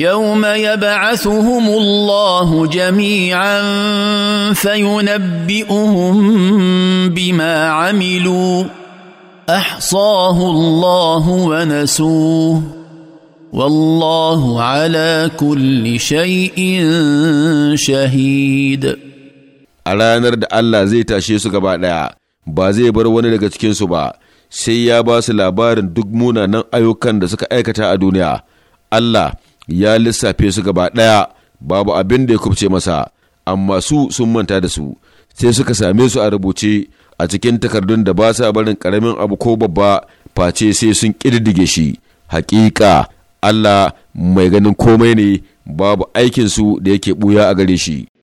يوم يبعثهم الله جميعا فينبئهم بما عملوا احصاه الله ونسوه والله على كل شيء شهيد a ranar da Allah zai tashe su gaba ɗaya ba zai bar wani daga cikinsu ba sai ya ba su labarin duk munanan ayyukan da suka aikata a duniya Allah ya lissafe su gaba ɗaya babu abin da ya kubce masa amma su sun manta da su sai suka same su a rubuce a cikin takardun da ba sa barin karamin abu ko babba face sai sun ƙididdige shi hakika Allah mai ganin komai ne babu aikinsu da yake ɓuya a gare shi